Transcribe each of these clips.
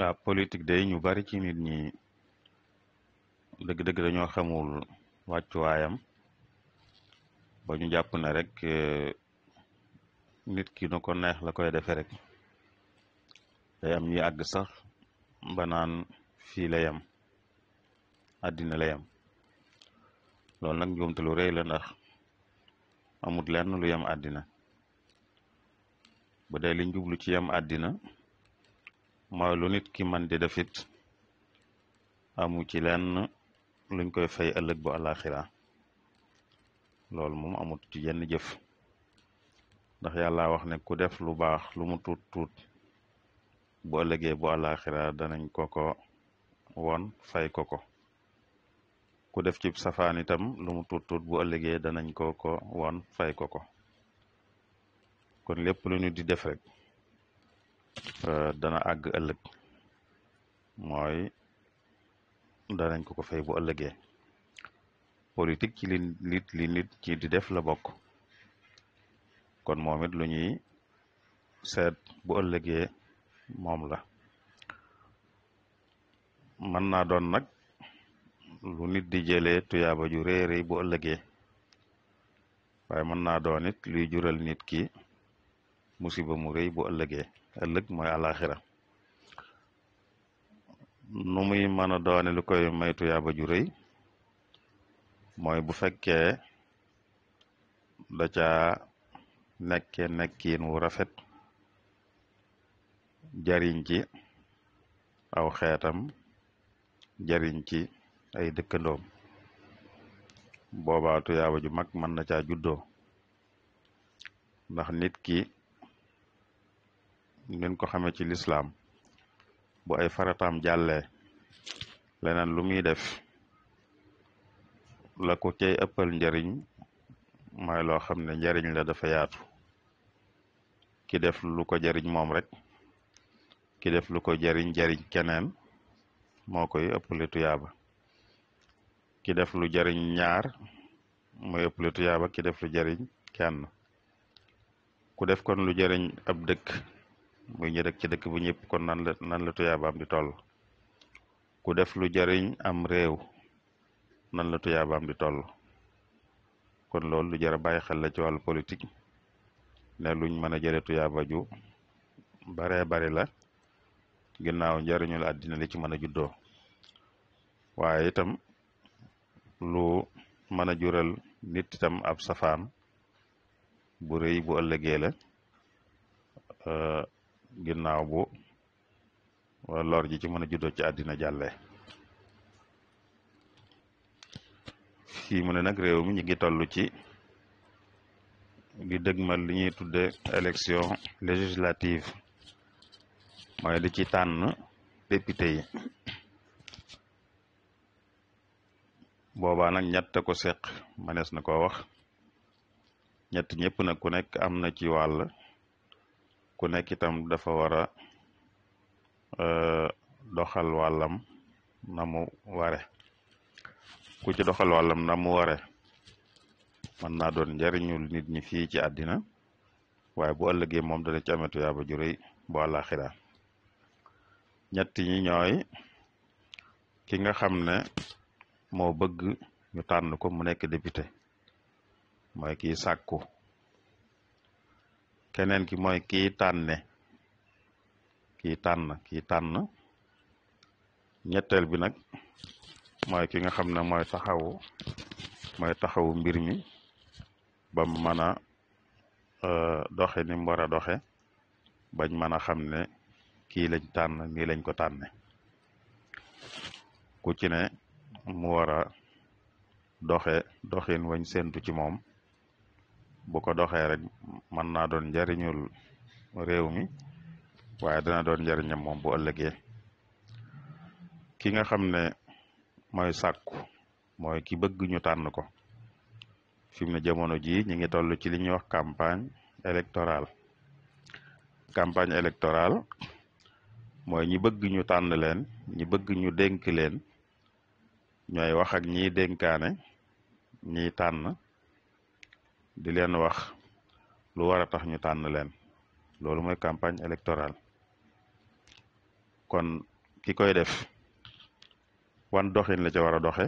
waaw ah, politique day ñu bari ci nit ñi dëgg-dëgg dañoo xamul wàccuwaayam ba ñu jàpp na rek eh, nit ki nu ko neex la koy defee rek day am ñuy sax ba naan fii la yem àddina la yem loolu nag njuumte lu rëy la ndax amut lenn lu yem àddina bu dee liñ jublu ci yem àddina mooy lu nit ki man di defit amu ci lenn luñ koy fay ëllëg bu àllaaxira loolu moom amut ci yenn jëf ndax yàlla wax ne ku def lu baax lu mu tuut tuut bu ëllëgee bu àllaaxira danañ ko ko woon fay ko ko ku def ci safaan itam lu mu tuut tuut bu ëllëgee danañ ko ko woon fay ko ko kon lépp lu ñu di def rek Euh, dana àgg ëllëg mooy danañ ko ko fay bu ëllëgee politique ci li nit ci di def la bokk kon moom it lu ñuy seet bu ëllëgee moom la mën naa doon nag lu nit di jëlee tuyaaba ju rëy rëy bu ëllëgee waaye mën naa doon it luy jural nit ki musiba mu rëy bu ëllëgee lëg mooy àllaaxira nu muy mën a koy may tuyaaba ju rëy mooy bu fekke da caa nekke nekkiin wu rafet jariñ ci aw xeetam jariñ ci ay dëkkandoom boobaa tuyaaba ju mag mën na caa juddoo ndax nit ki ngeen ko xamee ci lislaam bu ay farataam jàllee leneen lu muy def la ko cay ëppal njariñ mooy loo xam ne njariñ la dafa yaatu ki def lu ko jariñ moom rek ki lu ko jariñ njariñ keneen moo koy ëppale tuyaaba ki def lu jariñ ñaar mooy ëppale tuyaaba ki def lu jariñ kenn ku def kon lu jariñ ab dëkk muy ñi dëkk ci dëkk bu ñëpp kon nan la nan la tuyaabaam di toll ku def lu jariñ am réew nan la tuyaabaam di toll kon loolu lu jar a bàyyi xel la ci wàllu politique ne luñ mën a jële tuyaaba ju baree bari la ginnaaw njariñul àddina li ci mën a juddoo waaye itam lu mën a jural nit ab safaan bu rëy bu ëllëgee la euh, ginnaaw bu lor ji ci mën a juddoo ci àddina jàlle fii mu ne nag réew mi ñu ngi toll ci di dëgmal li ñuy tudde élection législative mooy li ci tànn député yi boobaa nag ñett ko seq mënees na koo wax ñett ñëpp nag ku nekk am na ci wàll ku nekk itam dafa war a euh, doxal wàllam na ware ku ci doxal wàllam na mu ware mën naa doon njariñul nit ñi fii ci àddina waaye bu ëllëgee moom dana ci amee tuyaaba ju rëy bu àllaaxira ñett ñi ñooy ki nga xam ne moo bëgg ñu tànn ko mu nekk député mooy ki sàkku keneen ki mooy kii tànne kii tànn kii tànn ñetteel bi nag mooy ki nga xam ne mooy taxawu mooy taxawu mbir mi ba mu mën a euh, doxe ni mu war a doxe bañ mën a xam ne kii lañ tànn nii lañ ko tànne ku ci ne mu war a doxe doxin wañ séentu ci moom bu ko doxee rek mën naa doon njariñul réew mi waaye dana doon njariñam moom bu ëllëgee ki nga xam ne mooy sàkku mooy ki bëgg ñu tànn ko fim ne jamono jii ñu ngi toll ci li ñuy wax campagne électorale campagne électorale mooy ñi bëgg ñu tànn leen ñi bëgg ñu dénk leen ñooy wax ak ñiy dénkaane ñiy tànn di leen wax lu war a tax ñu tànn leen loolu mooy campagne électorale kon ki koy def wan doxin la ca war a doxe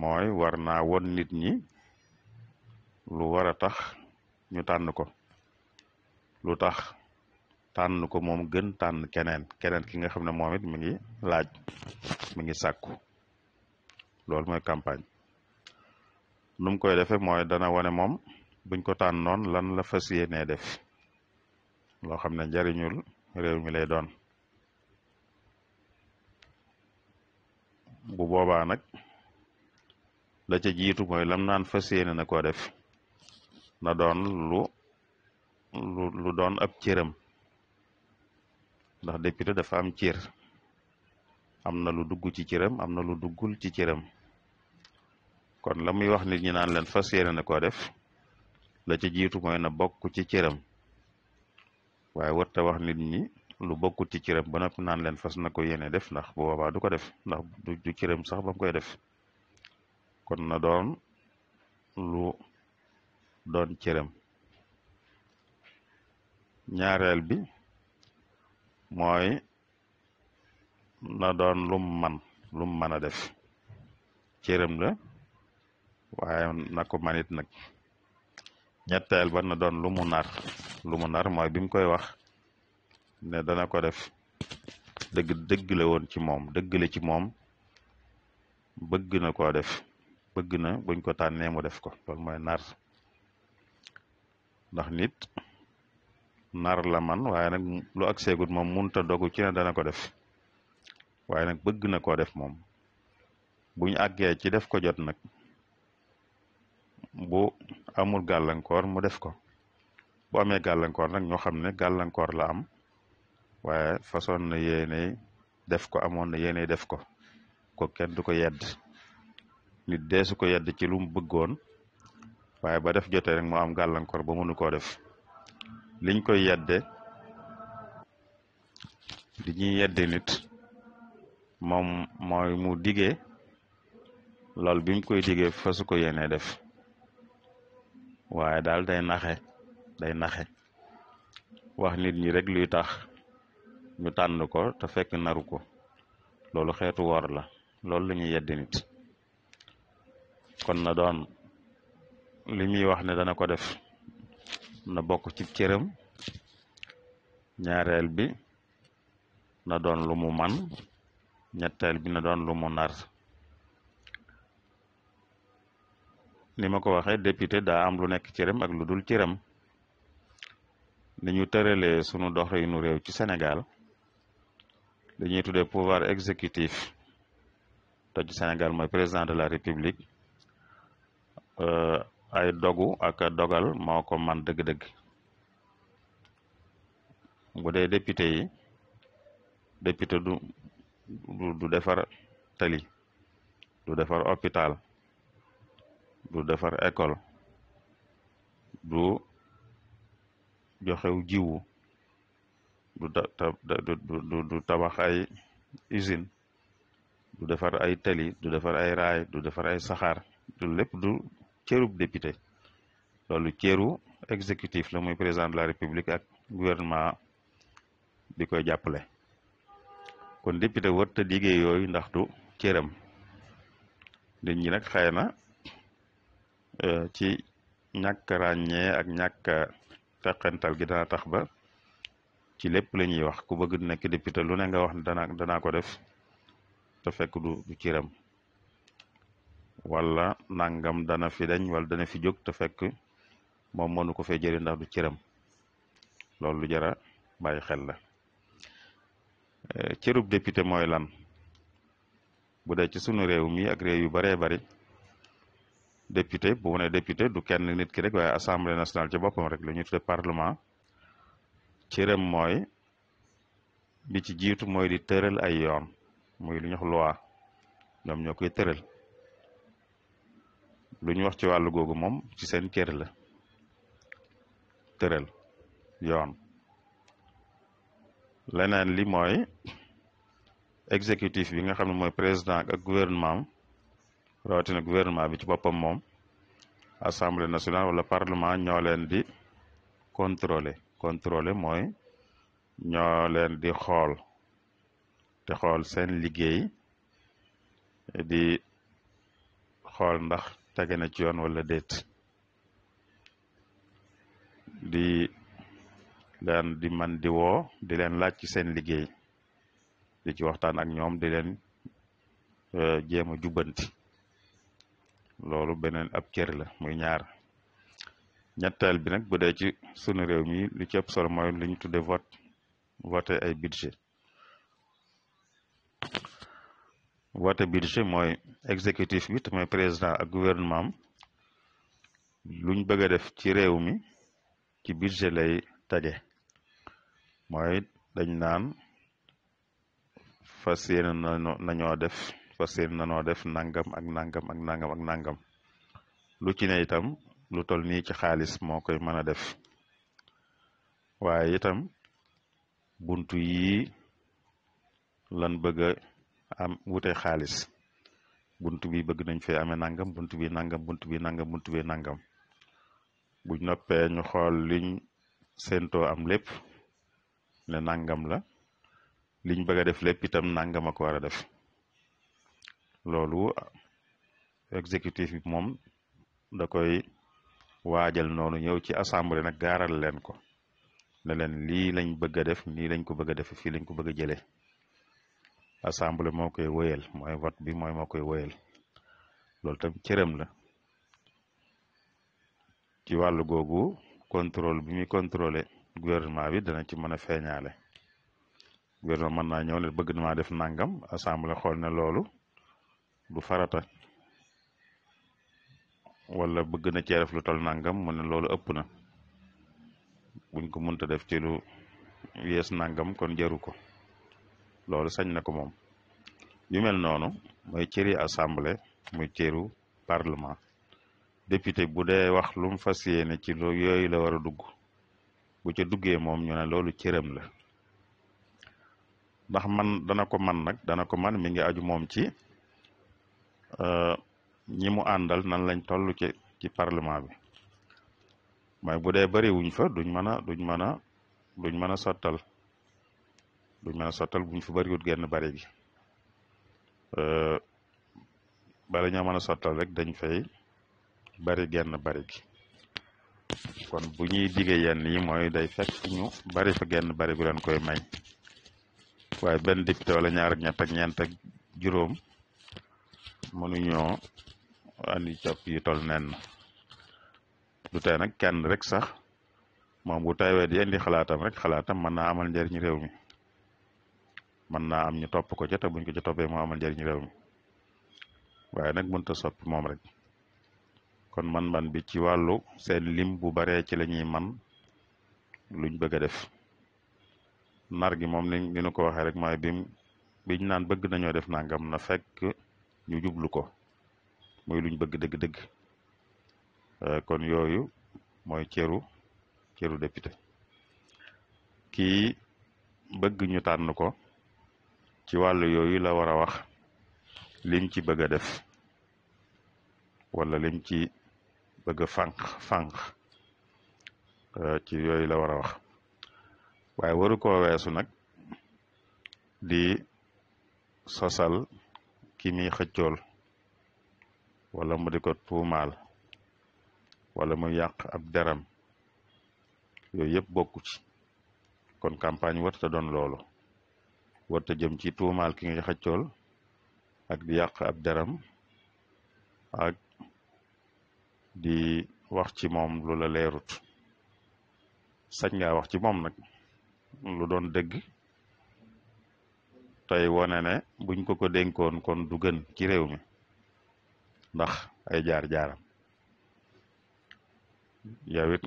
mooy war naa won nit ñi lu war a tax ñu tànn ko lu tax tànn ko moom gën tànn keneen keneen ki nga xam ne moom mi ngi laaj mi ngi sàkku loolu mooy campagne nu koy defee mooy dana wane moom buñ ko tànn noon lan la fas yéenee def loo xam ne njariñul réew mi lay doon bu boobaa nag la ca jiitu mooy lam naan fas ne na koo def na doon lu lu doon ab cëram ndax député dafa am cër am na lu dugg ci cëram am na lu duggul ci cëram kon la muy wax nit ñi naan leen fas yéene na koo def la ci jiitu mooy na bokk ci cëram waaye warta wax nit ñi lu bokkut ci cëram ba noppi naan leen fas na ko yéene def ndax bu boobaa du ko def ndax du cëram sax ba koy def kon na doon lu doon cëram ñaareel bi mooy na doon lum man lum mën a def cëram la waaye na ko manit nag ñetteel ba na doon lu mu nar lu mu nar mooy bi koy wax ne dana ko def dëgg dëgg la woon ci moom dëgg la ci moom bëgg na koo def bëgg na buñ ko tànnee mu def ko loolu mooy nar ndax nit nar la man waaye nag lu ak seegut moom munta dogu ci ne dana ko def waaye nag bëgg na koo def moom buñ àggee ci def ko jot nag bu amul gàllankoor mu def ko bu amee gàllankoor nag ñoo xam ne gàllankoor la am waaye façon na yéene def ko amoon na yéene def ko ko kenn du ko yedd nit deesu ko yedd ci lu mu bëggoon waaye ba def jote rek moo am gàllankoor ba mënu koo def liñ koy yedde li ñuy yedde nit moom mooy mu digee loolu bi mu koy digee fasu ko yéene def waaye daal day naxe day naxe wax nit ñi rek luy tax ñu tànn ko te fekk naru ko loolu xeetu wor la loolu la ñuy yedd kon na doon li muy wax ne dana ko def na bokk ci cëram ñaareel bi na doon lu mu man ñetteel bi na doon lu mu nar ni ma ko waxee député daa am lu nekk cëram ak lu dul cëram ni ñu tëralee sunu doxalinu réew ci Sénégal dañuy tuddee pouvoir exécutif te ci Sénégal mooy président de la République euh, ay dogu ak dogal moo ko man dëgg-dëgg bu député yi député du du defar tali du defar hôpital du defar école du joxew jiwu du du tabax ay usine du defar ay teli du defar ay raay du defar ay saxaar du lépp du cërub député loolu cëru exécutif la muy président de la république ak gouvernement bi koy jàppale kon député wër te liggéey ndax du cëram nit ñi nag xëy na Euh, ci ñàkk ràññee ak ñàkk teqantal gi dana tax ba ci lépp la ñuy wax ku bëgg nekk député lu ne nga wax ne dana danaa ko def te fekk du ciram wala nangam dana fi dañ wala dana fi jóg te fekk moom nu ko fee jëri ndax du ciram loolu lu jara bàyyi xel la euh, cërub député mooy lan bu dee ci sunu réew mi ak réew yu baree bari député bu ne député du kenn nit ki rek waaye assemblée nationale ci boppam rek la ñuy tudde parlement cëram mooy bi ci jiitu mooy di tëral ay yoon muy lu ñuy loi ñoom ñoo koy tëral lu ñu wax ci wàllu googu moom ci seen cër la tëral yoon leneen li moy exécutif bi nga xam ne mooy président ak gouvernement rawatina gouvernement bi ci boppam moom assemblée nationale wala parlement ñoo leen di contrôler contrôler mooy ñoo leen di xool te xool seen liggéey di xool ndax tege na ci yoon wala déet di leen di man di woo di leen laaj ci seen liggéey di ci waxtaan ak ñoom di leen euh, jéem a jubbanti loolu beneen ab cër la mooy ñaar ñetteel bi nag bu dee ci sunu réew mi lu ci ëpp solo mooy li ñu tudde vote vote ay budget vote budget mooy exécutif bi mooy président ak gouvernement luñ bëgg a def ci réew mi ci budget lay taje mooy dañ naan fas yéene nañoo def parce que nanoo def nangam ak nangam ak nangam nangam lu ci ne itam lu toll nii ci xaalis moo koy mën a def waaye itam bunt yi lan bëgg am wute xaalis bunt bi bëgg nañ fe ame nangam buntu bi nangam bunt bi nangam buntu bi nangam buñ noppee ñu xool liñ séentoo am lépp ne nangam la liñ bëgg a def lépp itam nangam a ko war a def loolu exécutif bi moom da koy waajal noonu ñëw ci assemblée nag gaaral leen ko ne leen lii lañ bëgg def nii lañ ko bëgg a def fii lañ ko bëgg a jëlee assemblée moo koy wëyal mooy vote bi mooy moo koy wëyal loolu tam cëram la ci wàllu googu contrôle bi muy contrôlé gouvernement bi dana ci mën a feeñaale gouvernement mën naa ñëw ne bëgg na def nangam assemblée xool ne loolu du farata wala bëgg na cee def lu tol nangam mu ne loolu ëpp na buñ ko mënta def ci lu yees nangam kon jaru ko loolu sañ na ko moom yu mel noonu mooy cëri assemblée muy cëru parlement député bu dee wax lu mu fas yéene ci lu yooyu la war a dugg bu ca duggee moom ñu ne loolu cëram la ndax man dana ko man nag dana ko man mi ngi aju moom ci ñi mu àndal nan lañ toll ci ci parlement bi mooy bu dee bariwuñ fa duñ mën a duñ mën a duñ mën a sottal duñ mën sottal buñ fa bëriwut genn bëri gi euh, bala ñoo mën a sottal rek dañ fay bari genn bëri kon bu ñuy dige yenn yi mooy day fekk ñu bëri fa genn bëri gu leen koy may waaye benn député wala ñaar ak ñett juróom mënuñoo andi copp yi tol nen du tey nag kenn rek sax moom bu tawee di indi xalaatam rek xalaatam mën naa amal njariñ réew mi mën naa am ñu topp ko ca te buñ ko ca toppee moo amal njariñ réew mi waaye nag mënta sop moom rek kon man-man bi ci wàllu seen lim bu baree ci la ñuy man luñ bëgg a def nar gi moom ni ni ñu ko waxee rek mooy bim biñ naan bëgg nañoo def nangam na fek ñu jublu ko muy luñ bëgg dëgg-dëgg euh, kon yooyu mooy cëru cëru député kii bëgg ñu tànn ko ci wàllu yooyu la war a wax lim ci bëgg a def wala lim ci bëgg a fànq fànq euh, ci yooyu la war a wax waaye waru koo weesu nag di sosal ki muy xëccool wala mu di ko tuumaal wala mu yàq ab deram yooyu yëpp bokku ci kon campagne warta doon loolu warta jëm ci tuumaal ki ngay xëccool ak di yàq ab deram ak di wax ci moom lu la leerut sañ ngaa wax ci moom nag lu doon dëgg tey wane ne buñ ko ko dénkoon kon du gën ci réew mi ndax ay jaar-jaaram yow it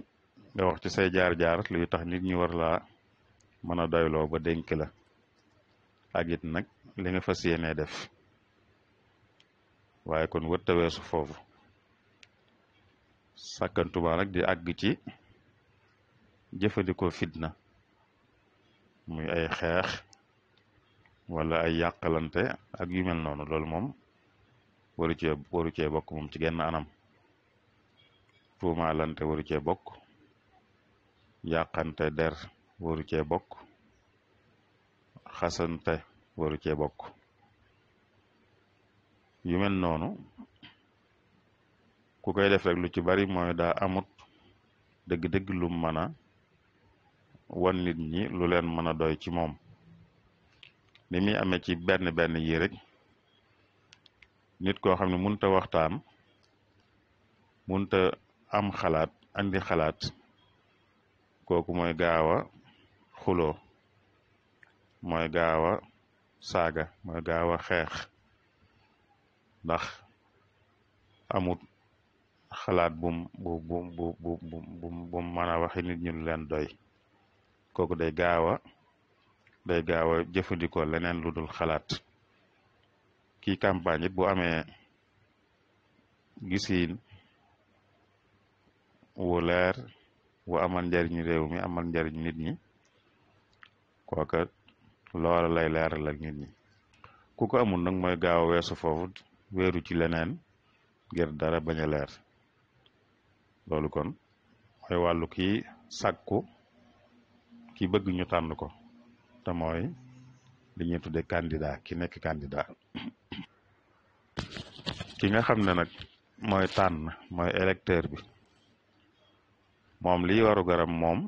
nga wax ci say jaar-jaar luy tax nit ñu war laa mën a doyloo ba dénk la ak it nag li nga fas yéenee def waaye kon wët weesu foofu sàkkantuma nag di àgg ci jëfandikoo fitna muy ay xeex wala ay yàqalante ak yu mel noonu loolu moom waru cee cee bokk moom ci genn anam tuumaalante waru cee bokk yàqante der waru cee bokk xasante waru cee bokk yu mel noonu ku koy def rek lu ci bari mooy daa amut dëgg-dëgg lu mën a wan nit ñi lu leen mën a doy ci moom li muy amee ci benn benn yi rek nit koo xam ne mënut a waxtaan mënut a am xalaat andi xalaat kooku mooy gaawa a xuloo mooy gaaw a saaga mooy a xeex ndax amut xalaat bum bu bu bu bu bu bu a waxe nit ñu leen doy kooku day gaawa day gaaw a jëfandikoo leneen lu dul xalaat kii campagne boo amee gisiin wu leer wu amal njariñ réew mi amal njariñ nit ñi kooka loola lay leeral ak nit ñi ku ko amul nag mooy gaaw a weesu foofu wéeru ci leneen ngir dara bañ leer loolu kon mooy wàllu kii sàkku ki bëgg ñu tànn ko te mooy li tuddee candidat ki nekk candidat ki nga xam ne nag mooy tànn mooy électeur bi moom liy waru garam moom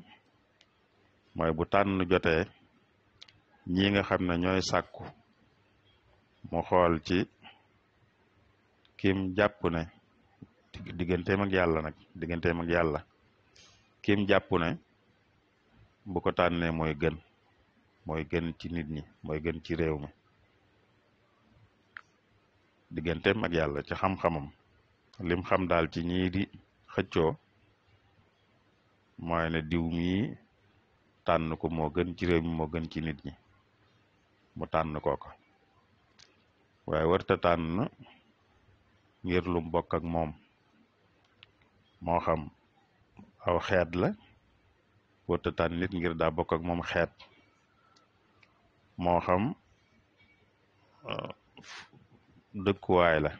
mooy bu tànn jotee ñi nga xam ne ñooy sàkku moo xool ci kim jàpp ne digganteem ak yàlla nag digganteem ak yàlla kim jàpp ne bu ko tànnee mooy gën mooy gën ci nit ñi mooy gën ci réew mi digganteem ak yàlla ci xam-xamam lim xam daal ci ñii di xëccoo mooy ne diw mii tànn ko moo gën ci réew mi moo gën ci nit ñi mu tànn ko waaye warta tànn ngir lum bokk moom moo xam aw xeet la warta tànn nit ngir daa bokk ak moom xeet moo xam euh, dëkkuwaay la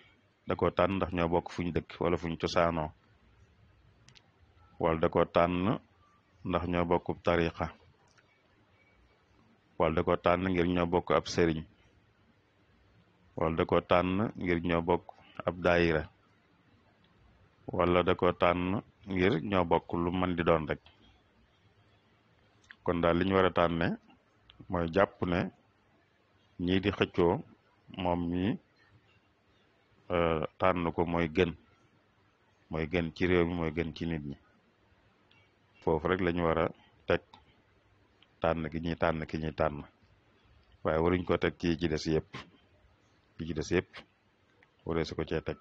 da ko tànn ndax ñoo bokk fuñ dëkk wala fuñ cosaanoo wala da ko ndax ñoo bokk tariqa wala da ko tànn ngir ñoo bokk ab sëriñ wala da ko tànn ngir ñoo bokk ab daayira wala da ko tànn ngir ñoo bokk lu mën di doon rek kon daal li ñu war a tànne mooy jàpp ne ñii di xëccoo moom mii euh, tànn ko mooy gën mooy gën ci réew mi mooy gën ci nit ñi foofu rek lañu war a teg tànn ki ñuy tànn ki ñuy tànn waaye waruñ ko teg ci ci des yëpp ci des yëpp waree ko cee teg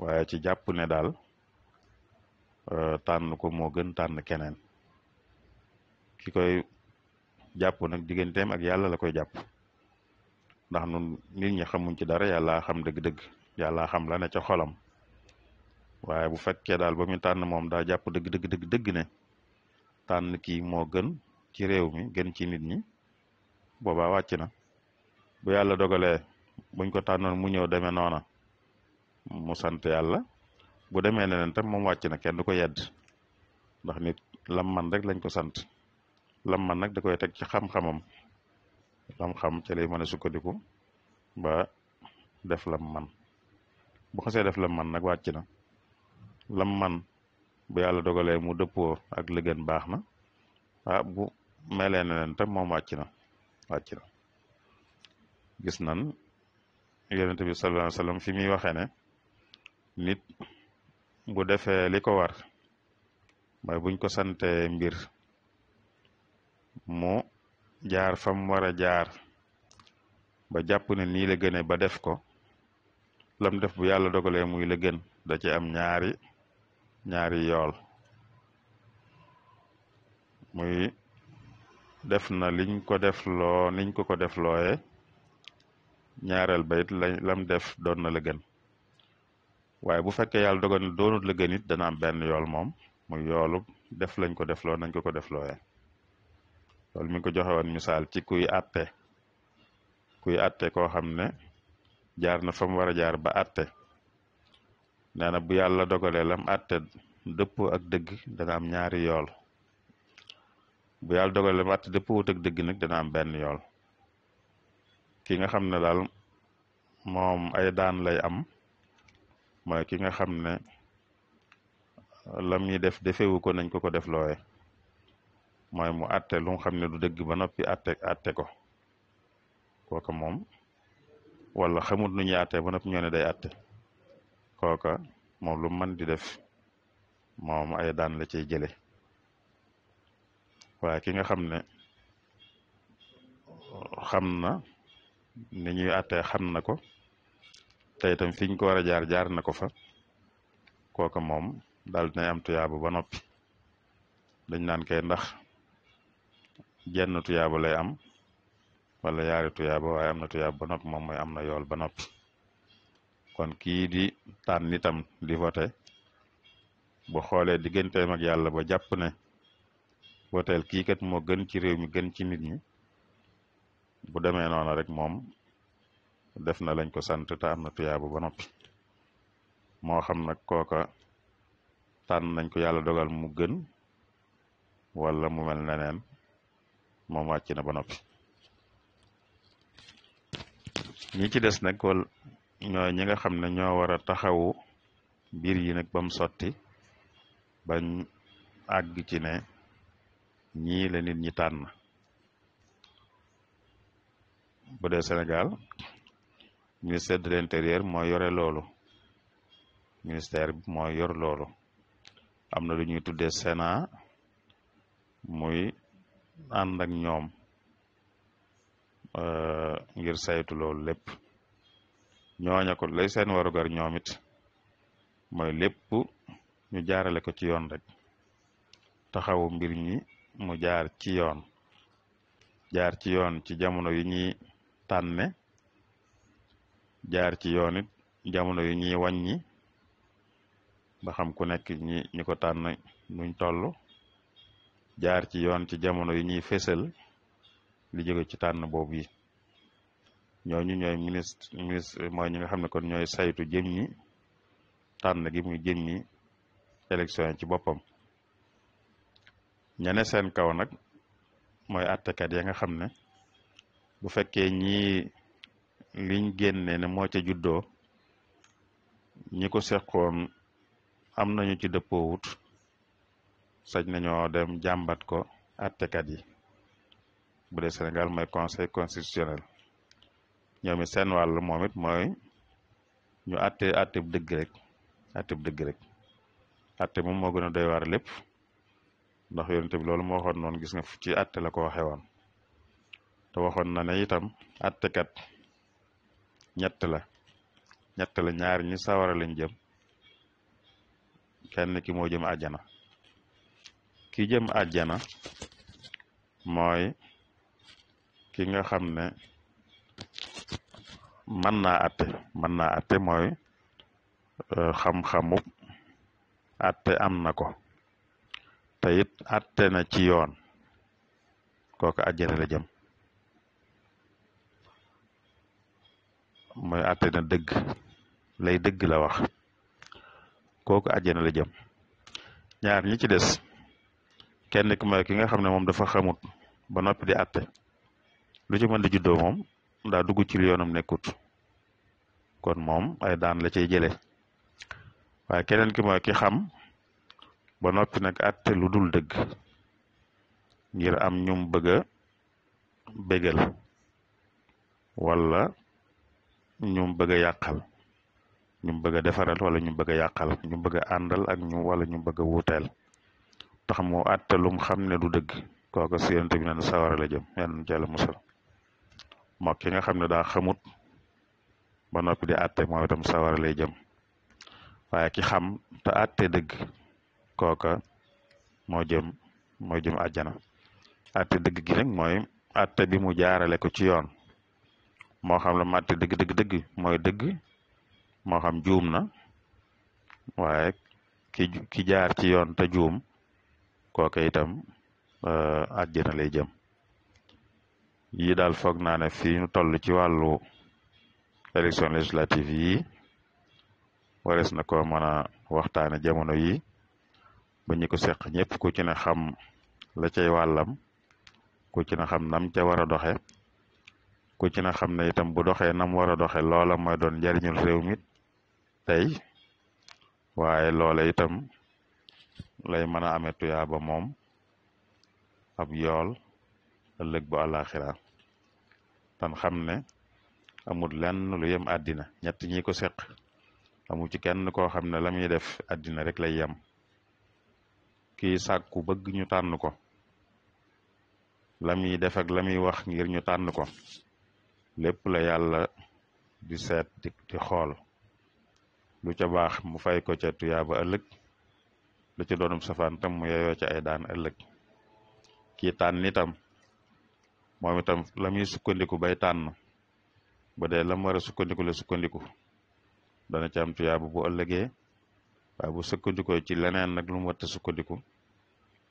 waaye ci jàpp ne daal euh, tànn ko moo gën tànn keneen ki koy jàpp nag digganteem ak yàlla la koy jàpp ndax nun nit ñi xamuñ ci dara yàlla xam dëgg-dëgg yàlla xam la ne ca xolam waaye bu fekkee daal ba muy tànn moom daa jàpp dëgg dëgg dëgg dëgg na tànn kii moo gën ci réew mi gën ci nit ñi boobaa wàcc na bu yàlla dogalee buñ ko tànnoon mu ñëw demee noona mu sant yàlla boo demee neneen tam moom wàcc na kenn du ko yedd ndax nit lam man rek lañ ko sant lam man nag da koy teg ci xam-xamam lam xam ci lay mën a sukkandiku ba def lam man bu xasee def lam man nag wàcc na lam man bu yàlla dogalee mu dëppoo ak li baax na ah bu melee na leen tam moom wàcc na wàcc na gis nan yonente bi sallallahu fi muy waxee ne nit bu defe li ko war mooy buñ ko sante mbir mu jaar fam war a jaar ba jàpp ne nii la gëne ba def ko lam def bu yàlla dogalee muy la gën da ci am ñaari ñaari yool muy def na liñ ko def loo niñ ko ko def looye ñaareel ba it la lam def doon na la gën waaye bu fekkee yàlla dogal na doonut la gën it dana am benn yool moom muy yoolu def lañ ko def loo nañ ko ko def looye loolu mi ko joxe woon misaal ci kuy atte kuy atte koo xam ne jaar na fa mu war a jaar ba atte nee na bu yàlla dogalee lam atte dëpp ak dëgg dana am ñaari yool bu yàlla dogalee lam atte dëpp wut ak dëgg nag dana am benn yool ki nga xam ne daal moom ay daan lay am mooy ki nga xam ne lam ñuy def defewu ko nañ ko ko def looye mooy mu atte lu xam ne du dëgg ba noppi atte atte ko kooka moom wala xamut nu ñuy atte ba noppi ñoo ne day atte kooka moom lu mën di def moom ay daan la ce jële waaye ki nga xam ne xam na ni ñuy àttee xam na ko te itam fi ko war a jaar jaar na ko fa kooka moom dal dina am tuyaaba ba noppi dañ naan kay ndax jenn tuyaaba lay am wala yaari tuyaaba waaye am na tuyaaba ba noppi moom mooy am na yool ba noppi kon kii di tànn itam di vote bu xoolee digganteem ak yàlla ba jàpp ne voteel kiikat moo gën ci réew mi gën ci nit ñi bu demee noonu rek moom def na lañ ko sant te am na tuyaaba ba noppi moo xam nag kooka tànn nañ ko yàlla dogal mu gën wala mu mel neneen moom wàcc na ba noppi ñi ci des nag wal ñi nga xam ne ñoo war a taxawu mbir yi nag ba sotti bañ àgg ci ne ñii la nit ñi tànn bu dee Sénégal ministère de l'intérieur moo yore loolu ministère bi moo yor loolu am na lu ñuy tuddee Sénat moy ànd ak ñoom eh, ngir saytu loolu lépp ñooña lay seen warugar ñoom it mooy lépp ñu jaarale ko ci yoon rek taxawu mbir ñi mu jaar ci yoon jaar ci yoon ci jamono yi ñuy tànne jaar ci yoon it jamono yi ñuy wàññi ba xam ku nekk ñi ñi ko tànn nuñ tollu jaar ci yoon ci jamono yi ñuy fésal li jóge ci tànn boobu yi ñooñu ñooy ministre ministre mooy ñi nga xam ne kon ñooy saytu jëm ñi tànn gi muy jëm ñi élection yi ci boppam ñene seen kaw nag mooy attekat ya nga xam ne bu fekkee ñii liñ génnee ne moo ca juddoo ñi ko seqoon am nañu ci dëppoowut sañ nañoo dem jàmbat ko attekat yi bu dee Sénégal mooy conseil constitutionnel ñoom seen wàll moom it mooy ñu atte atte bu dëgg rek atte bu moom moo gën a doy waar lépp ndax yonent bi loolu moo waxoon noonu gis nga ci atte la ko waxee woon te waxoon na ne itam attekat ñett la ñett la ñaar ñi lañ jëm kenn ki moo jëm àjjana ki jëm àjjana mooy ki nga xam ne mën atte mën naa atte mooy euh, xam-xamub atte am na ko te it atte na ci yoon kooku àjjana la jëm mooy atte na dëgg lay dëgg la wax kooku àjjana la jëm ñaar ñi ci des kenn ki mooy ki nga xam ne moom dafa xamut ba noppi di àtte lu ci mën di juddoo moom daa dugg ci li yoonam nekkut kon moom ay daan la cay jëlee waaye keneen ki mooy ki xam ba noppi nag àtte lu dul dëgg ngir am ñum bëgg a bégal wala ñum bëgg a yàqal ñum bëgg a defaral wala ñu bëgg a yàqal ñu bëgg àndal ak ñu wala ñu bëgg a wuuteel tax mu àtte lum xam ne du dëgg kooku si yonent bi neen sawara la jëm yàlla ci yàlla moo ki nga xam ne daa xamut ba noppi di àtte moom itam sawara lay jëm waaye ki xam te àtte dëgg kooka moo jëm moo jëm àjjana àtte dëgg gi nag mooy àtte bi mu jaarale ko ci yoon moo xam la mu àtte dëgg dëgg mooy dëgg moo xam juum na waaye ki ki jaar ci yoon te juum kooke itam euh, àjjana lay jëm yi daal foog naa ne fii ñu toll ci wàllu élection législative yi warees na ko mën a waxtaane jamono yi ba ñu ko seq ñëpp ku ci ne xam la cay wàllam ku ci ne xam nam ca war a doxe ku ci na xam ne itam bu doxee nam war a doxe loola mooy doon njariñul réew mi tey waaye loola itam lay mën a amee ba moom ab yool ëllëg bu àllaaxira tan xam ne amul lenn lu yem àddina ñett ñiko ko seq amul ci kenn koo xam ne la def àddina rek lay yem kii sàkku bëgg ñu tànn ko la muy def la muy wax ngir ñu tànn ko lépp la yàlla di seet di xool lu ca baax mu fay ko ca tuyaa ba ëllëg lu ci doonum safaan tam mu yeyoo ci ay daan ëllëg kii tànn itam moom itam la muy sukkandiku bay tànn bu dee la mu war a sukkandiku la sukkandiku dana ci am tuyaaba bu ëllëgee bu sukkandikoo ci leneen nag lu mu sukkandiku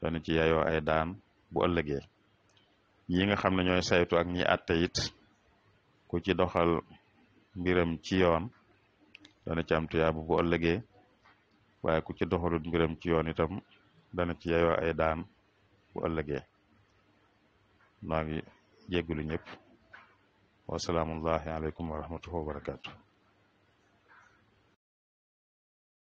dana ci yeyoo daan bu ñi nga xam ne ñooy saytu ak ñi àtte it ku ci doxal mbiram ci yoon dana ci am tuyaaba bu ëllëgee waaye ku ci doxalut mbiram ci yoon itam dana ci yeyoo ay daan bu ëllëgee noo ngi jéggulu ñëpp wasalaamullahi aleykum wa rahmatullahi wa barakaatu